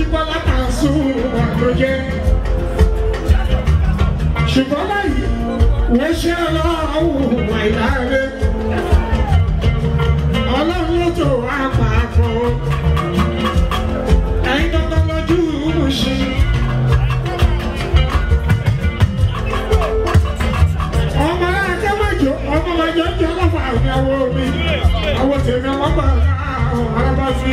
kí Bọ́lá Pasuma ló jẹ́ ṣùgbọ́n láyìí wọ́n ṣe ọlọ́run àìláre ọlọ́run ló tó àpapọ̀ ẹ̀yin dandan lójú ṣe. ọmọ akẹ́wàjọ ọmọ wájọ ń jọ lọ́fà àwọn ọmọ mi àwọn tèmi ọmọ bàbá àwọn arábá sí.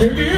Yeah.